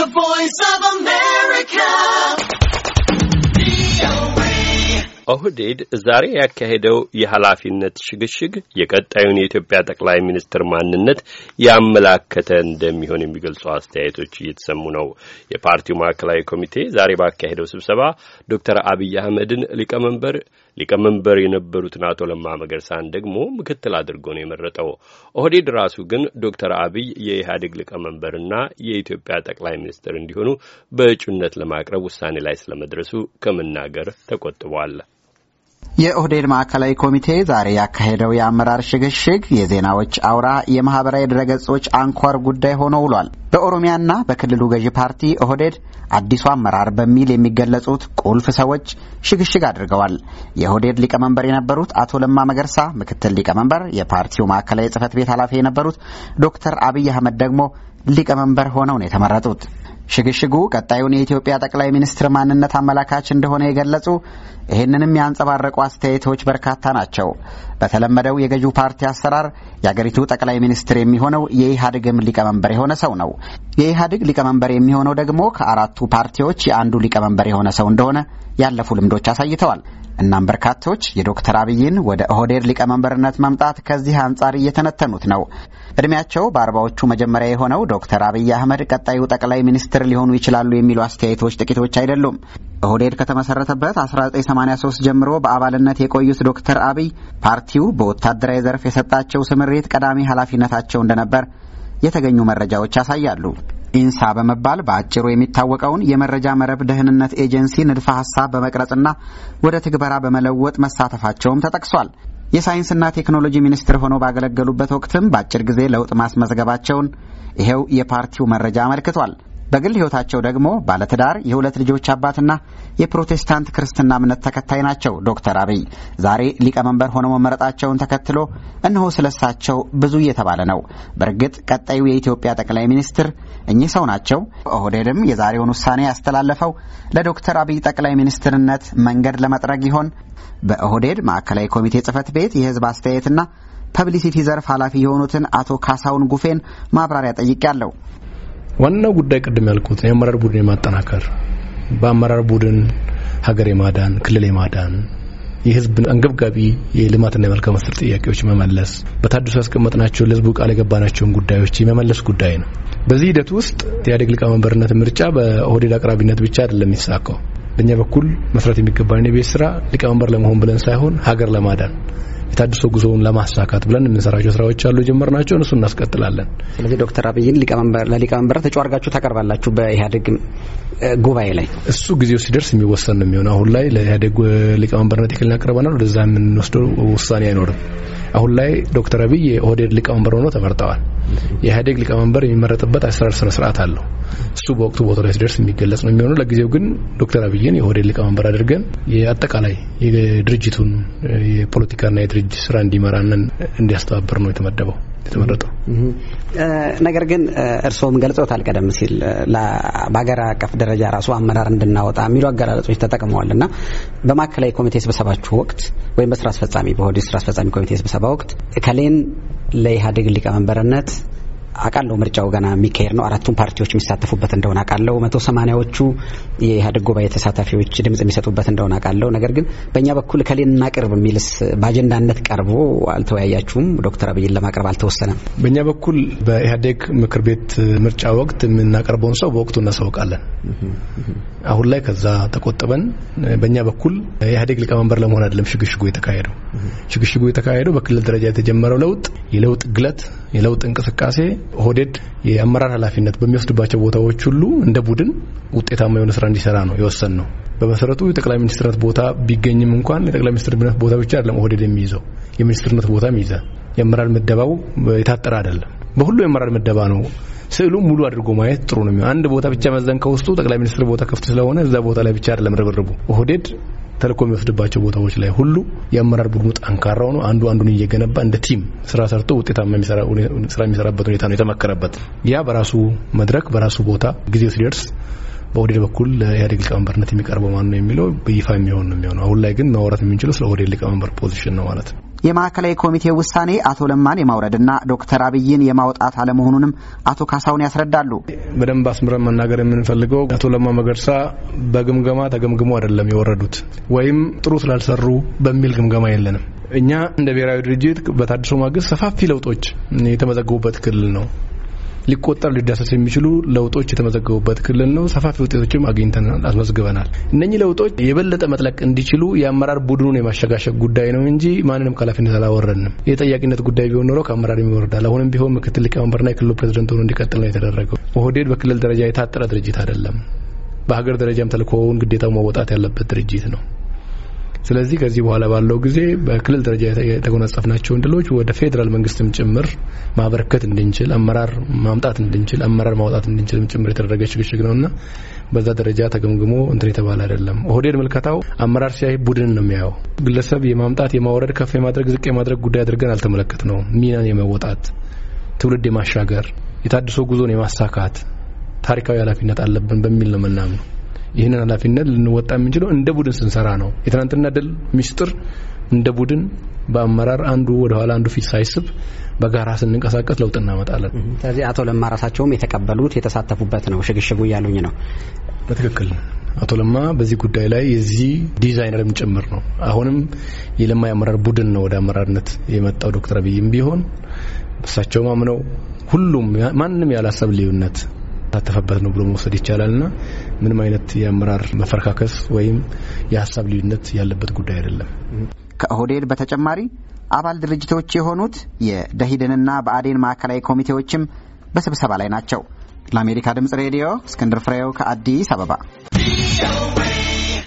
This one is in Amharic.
The Voice of America. ኦህዴድ ዛሬ ያካሄደው የኃላፊነት ሽግሽግ የቀጣዩን የኢትዮጵያ ጠቅላይ ሚኒስትር ማንነት ያመላከተ እንደሚሆን የሚገልጹ አስተያየቶች እየተሰሙ ነው። የፓርቲው ማዕከላዊ ኮሚቴ ዛሬ ባካሄደው ስብሰባ ዶክተር አብይ አህመድን ሊቀመንበር ሊቀመንበር የነበሩትን አቶ ለማ መገርሳን ደግሞ ምክትል አድርጎ ነው የመረጠው። ኦህዴድ ራሱ ግን ዶክተር አብይ የኢህአዴግ ሊቀመንበርና የኢትዮጵያ ጠቅላይ ሚኒስትር እንዲሆኑ በእጩነት ለማቅረብ ውሳኔ ላይ ስለመድረሱ ከመናገር ተቆጥቧል። የኦህዴድ ማዕከላዊ ኮሚቴ ዛሬ ያካሄደው የአመራር ሽግሽግ የዜናዎች አውራ የማህበራዊ ድረገጾች አንኳር ጉዳይ ሆኖ ውሏል። በኦሮሚያና በክልሉ ገዢ ፓርቲ ኦህዴድ አዲሱ አመራር በሚል የሚገለጹት ቁልፍ ሰዎች ሽግሽግ አድርገዋል። የኦህዴድ ሊቀመንበር የነበሩት አቶ ለማ መገርሳ ምክትል ሊቀመንበር፣ የፓርቲው ማዕከላዊ ጽህፈት ቤት ኃላፊ የነበሩት ዶክተር አብይ አህመድ ደግሞ ሊቀመንበር ሆነው ነው የተመረጡት። ሽግሽጉ ቀጣዩን የኢትዮጵያ ጠቅላይ ሚኒስትር ማንነት አመላካች እንደሆነ የገለጹ ይህንንም ያንጸባረቁ አስተያየቶች በርካታ ናቸው። በተለመደው የገዢው ፓርቲ አሰራር የአገሪቱ ጠቅላይ ሚኒስትር የሚሆነው የኢህአዴግም ሊቀመንበር የሆነ ሰው ነው። የኢህአዴግ ሊቀመንበር የሚሆነው ደግሞ ከአራቱ ፓርቲዎች የአንዱ ሊቀመንበር የሆነ ሰው እንደሆነ ያለፉ ልምዶች አሳይተዋል። እናም በርካቶች የዶክተር አብይን ወደ ኦህዴድ ሊቀመንበርነት መምጣት ከዚህ አንጻር እየተነተኑት ነው። እድሜያቸው በአርባዎቹ መጀመሪያ የሆነው ዶክተር አብይ አህመድ ቀጣዩ ጠቅላይ ሚኒስትር ሚኒስትር ሊሆኑ ይችላሉ የሚሉ አስተያየቶች ጥቂቶች አይደሉም። ኦህዴድ ከተመሰረተበት 1983 ጀምሮ በአባልነት የቆዩት ዶክተር አብይ ፓርቲው በወታደራዊ ዘርፍ የሰጣቸው ስምሪት ቀዳሚ ኃላፊነታቸው እንደነበር የተገኙ መረጃዎች ያሳያሉ። ኢንሳ በመባል በአጭሩ የሚታወቀውን የመረጃ መረብ ደህንነት ኤጀንሲ ንድፈ ሀሳብ በመቅረጽና ወደ ትግበራ በመለወጥ መሳተፋቸውም ተጠቅሷል። የሳይንስና ቴክኖሎጂ ሚኒስትር ሆነው ባገለገሉበት ወቅትም በአጭር ጊዜ ለውጥ ማስመዝገባቸውን ይኸው የፓርቲው መረጃ አመልክቷል። በግል ሕይወታቸው ደግሞ ባለትዳር የሁለት ልጆች አባትና የፕሮቴስታንት ክርስትና እምነት ተከታይ ናቸው። ዶክተር አብይ ዛሬ ሊቀመንበር ሆነው መመረጣቸውን ተከትሎ እነሆ ስለሳቸው ብዙ እየተባለ ነው። በእርግጥ ቀጣዩ የኢትዮጵያ ጠቅላይ ሚኒስትር እኚህ ሰው ናቸው። ኦህዴድም የዛሬውን ውሳኔ ያስተላለፈው ለዶክተር አብይ ጠቅላይ ሚኒስትርነት መንገድ ለመጥረግ ይሆን? በኦህዴድ ማዕከላዊ ኮሚቴ ጽህፈት ቤት የህዝብ አስተያየትና ፐብሊሲቲ ዘርፍ ኃላፊ የሆኑትን አቶ ካሳውን ጉፌን ማብራሪያ ጠይቄያለሁ። ዋናው ጉዳይ ቅድም ያልኩት የአመራር ቡድን የማጠናከር በአመራር ቡድን ሀገር የማዳን ክልል የማዳን የህዝብ አንገብጋቢ የልማትና የመልካም መሰረት ጥያቄዎች መመለስ በታድሶ ያስቀመጥናቸው ለህዝቡ ቃል የገባናቸውን ጉዳዮች የመመለስ ጉዳይ ነው። በዚህ ሂደት ውስጥ ኢህአዴግ ሊቀመንበርነት ምርጫ በኦህዴድ አቅራቢነት ብቻ አይደለም የሚሳካው። በእኛ በኩል መስራት የሚገባን የቤት ስራ ሊቀመንበር ለመሆን ብለን ሳይሆን ሀገር ለማዳን የታድሶ ጉዞውን ለማሳካት ብለን የምንሰራቸው ስራዎች አሉ። ጀመር ናቸው እነሱ እናስቀጥላለን። ስለዚህ ዶክተር አብይን ለሊቀመንበር እጩ አድርጋችሁ ታቀርባላችሁ በኢህአዴግ ጉባኤ ላይ እሱ ጊዜው ሲደርስ የሚወሰን ነው የሚሆነው። አሁን ላይ ለኢህአዴግ ሊቀመንበርነት የክልን ያቀርበናል። ወደዛ የምንወስደው ውሳኔ አይኖርም። አሁን ላይ ዶክተር አብይ የኦህዴድ ሊቀመንበር ሆኖ ተመርጠዋል። የኢህአዴግ ሊቀመንበር የሚመረጥበት አሰራር ስነ ስርዓት አለው። እሱ በወቅቱ ቦታ ላይ ሲደርስ የሚገለጽ ነው የሚሆነው። ለጊዜው ግን ዶክተር አብይን የኦህዴድ ሊቀመንበር አድርገን የአጠቃላይ የድርጅቱን የፖለቲካና የድርጅት ስራ እንዲመራና እንዲያስተባብር ነው የተመደበው። የተመረጠው። ነገር ግን እርስዎም ገልጸውታል ቀደም ሲል በሀገር አቀፍ ደረጃ ራሱ አመራር እንድናወጣ የሚሉ አገላለጾች ተጠቅመዋል እና በማዕከላዊ ኮሚቴ ስብሰባችሁ ወቅት ወይም በስራ አስፈጻሚ በሆዲ ስራ አስፈጻሚ ኮሚቴ ስብሰባ ወቅት ከሌን ለኢህአዴግ ሊቀመንበርነት አቃለው ምርጫው ገና የሚካሄድ ነው። አራቱም ፓርቲዎች የሚሳተፉበት እንደሆነ አውቃለሁ። መቶ ሰማኒያዎቹ የኢህአዴግ ጉባኤ ተሳታፊዎች ድምጽ የሚሰጡበት እንደሆነ አውቃለሁ። ነገር ግን በእኛ በኩል ከሌና ቅርብ የሚልስ በአጀንዳነት ቀርቦ አልተወያያችሁም? ዶክተር አብይን ለማቅረብ አልተወሰነም? በእኛ በኩል በኢህአዴግ ምክር ቤት ምርጫ ወቅት የምናቀርበውን ሰው በወቅቱ እናሳውቃለን። አሁን ላይ ከዛ ተቆጥበን በእኛ በኩል ኢህአዴግ ሊቀመንበር ለመሆን አይደለም ሽግሽጉ የተካሄደው ሽግሽጉ የተካሄደው በክልል ደረጃ የተጀመረው ለውጥ የለውጥ ግለት፣ የለውጥ እንቅስቃሴ ሆዴድ የአመራር ኃላፊነት በሚወስድባቸው ቦታዎች ሁሉ እንደ ቡድን ውጤታማ የሆነ ስራ እንዲሰራ ነው የወሰን ነው። በመሰረቱ የጠቅላይ ሚኒስትርነት ቦታ ቢገኝም እንኳን የጠቅላይ ሚኒስትርነት ቦታ ብቻ አይደለም ኦህዴድ የሚይዘው የሚኒስትርነት ቦታ ይዘ የአመራር ምደባው የታጠረ አይደለም። በሁሉ የአመራር ምደባ ነው። ስዕሉ ሙሉ አድርጎ ማየት ጥሩ ነው። አንድ ቦታ ብቻ መዘን ከውስጡ ጠቅላይ ሚኒስትር ቦታ ክፍት ስለሆነ እዛ ቦታ ላይ ብቻ አይደለም ርብርቡ ኦህዴድ ተልእኮ የሚወስድባቸው ቦታዎች ላይ ሁሉ የአመራር ቡድኑ ጠንካራ ሆኖ አንዱ አንዱን እየገነባ እንደ ቲም ስራ ሰርቶ ውጤታማ ስራ የሚሰራበት ሁኔታ ነው የተመከረበት። ያ በራሱ መድረክ በራሱ ቦታ ጊዜው ሲደርስ በኦህዴድ በኩል ለኢህአዴግ ሊቀመንበርነት የሚቀርበው ማን ነው የሚለው በይፋ የሚሆን ነው የሚሆነው። አሁን ላይ ግን ማውራት የምንችለው ስለ ኦህዴድ ሊቀመንበር ፖዚሽን ነው ማለት ነው። የማዕከላዊ ኮሚቴ ውሳኔ አቶ ለማን የማውረድና ዶክተር አብይን የማውጣት አለመሆኑንም አቶ ካሳውን ያስረዳሉ። በደንብ አስምረን መናገር የምንፈልገው አቶ ለማ መገርሳ በግምገማ ተገምግሞ አይደለም የወረዱት ወይም ጥሩ ስላልሰሩ በሚል ግምገማ የለንም። እኛ እንደ ብሔራዊ ድርጅት በታድሶ ማግስት ሰፋፊ ለውጦች የተመዘገቡበት ክልል ነው። ሊቆጠር ሊዳሰስ የሚችሉ ለውጦች የተመዘገቡበት ክልል ነው። ሰፋፊ ውጤቶችም አግኝተናል፣ አስመዝግበናል። እነኚህ ለውጦች የበለጠ መጥለቅ እንዲችሉ የአመራር ቡድኑን የማሸጋሸግ ጉዳይ ነው እንጂ ማንንም ከኃላፊነት አላወረንም። የጠያቂነት ጉዳይ ቢሆን ኖሮ ከአመራር ይወርዳል። አሁንም ቢሆን ምክትል ሊቀመንበርና የክልሉ ፕሬዚደንት ሆኖ እንዲቀጥል ነው የተደረገው። ኦህዴድ በክልል ደረጃ የታጠረ ድርጅት አይደለም። በሀገር ደረጃም ተልእኮውን ግዴታው መወጣት ያለበት ድርጅት ነው። ስለዚህ ከዚህ በኋላ ባለው ጊዜ በክልል ደረጃ የተጎናጸፍናቸውን ድሎች ወደ ፌዴራል መንግስትም ጭምር ማበረከት እንድንችል አመራር ማምጣት እንድንችል አመራር ማውጣት እንድንችልም ጭምር የተደረገ ሽግሽግ ነውና በዛ ደረጃ ተገምግሞ እንትን የተባለ አይደለም። ኦህዴድ ምልከታው አመራር ሲያይ ቡድን ነው የሚያየው። ግለሰብ የማምጣት የማውረድ፣ ከፍ የማድረግ ዝቅ የማድረግ ጉዳይ አድርገን አልተመለከት ነው። ሚናን የመወጣት ትውልድ የማሻገር የታድሶ ጉዞን የማሳካት ታሪካዊ ኃላፊነት አለብን በሚል ነው ምናምነው። ይህንን ኃላፊነት ልንወጣ የምንችለው እንደ ቡድን ስንሰራ ነው። የትናንትና ድል ሚስጥር እንደ ቡድን በአመራር አንዱ ወደ ኋላ አንዱ ፊት ሳይስብ በጋራ ስንንቀሳቀስ ለውጥ እናመጣለን። ስለዚህ አቶ ለማ ራሳቸውም የተቀበሉት የተሳተፉበት ነው ሽግሽጉ እያሉኝ ነው። በትክክል አቶ ለማ በዚህ ጉዳይ ላይ የዚህ ዲዛይነርም ጭምር ነው። አሁንም የለማ የአመራር ቡድን ነው ወደ አመራርነት የመጣው ዶክተር አብይም ቢሆን እሳቸውም አምነው ሁሉም ማንም ያላሰብ ልዩነት የተሳተፈበት ነው ብሎ መውሰድ ይቻላል እና ምንም አይነት የአመራር መፈረካከስ ወይም የሀሳብ ልዩነት ያለበት ጉዳይ አይደለም። ከኦህዴድ በተጨማሪ አባል ድርጅቶች የሆኑት የደሂድንና በአዴን ማዕከላዊ ኮሚቴዎችም በስብሰባ ላይ ናቸው። ለአሜሪካ ድምጽ ሬዲዮ እስክንድር ፍሬው ከአዲስ አበባ